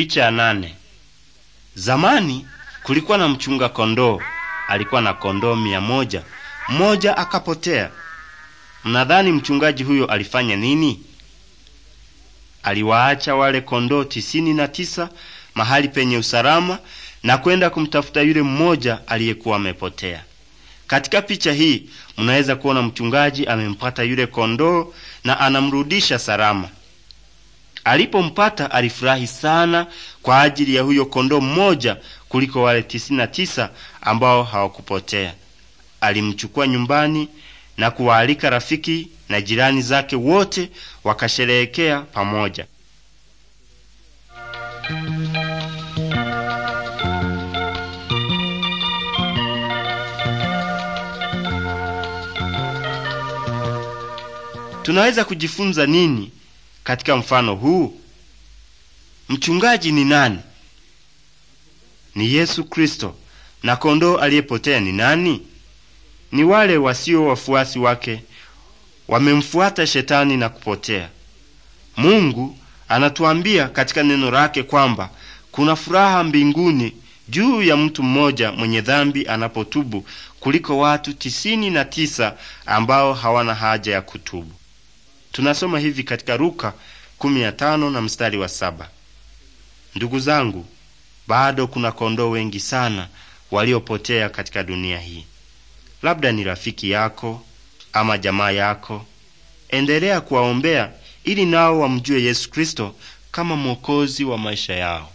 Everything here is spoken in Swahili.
Picha ya nane. Zamani kulikuwa na mchunga kondoo, alikuwa na kondoo mia moja, mmoja akapotea. Mnadhani mchungaji huyo alifanya nini? Aliwaacha wale kondoo tisini na tisa mahali penye usalama na kwenda kumtafuta yule mmoja aliyekuwa amepotea. Katika picha hii mnaweza kuona mchungaji amempata yule kondoo na anamrudisha salama. Alipompata alifurahi sana kwa ajili ya huyo kondoo mmoja kuliko wale tisini na tisa ambao hawakupotea. Alimchukua nyumbani na kuwaalika rafiki na jirani zake wote wakasherehekea pamoja. Tunaweza kujifunza nini katika mfano huu? Mchungaji ni nani? Ni Yesu Kristo. Na kondoo aliyepotea ni nani? Ni wale wasio wafuasi wake, wamemfuata shetani na kupotea. Mungu anatuambia katika neno lake kwamba kuna furaha mbinguni juu ya mtu mmoja mwenye dhambi anapotubu kuliko watu tisini na tisa ambao hawana haja ya kutubu. Tunasoma hivi katika Luka 15 na mstari wa saba. Ndugu zangu, bado kuna kondoo wengi sana waliopotea katika dunia hii. Labda ni rafiki yako ama jamaa yako, endelea kuwaombea ili nao wamjue Yesu Kristo kama mwokozi wa maisha yao.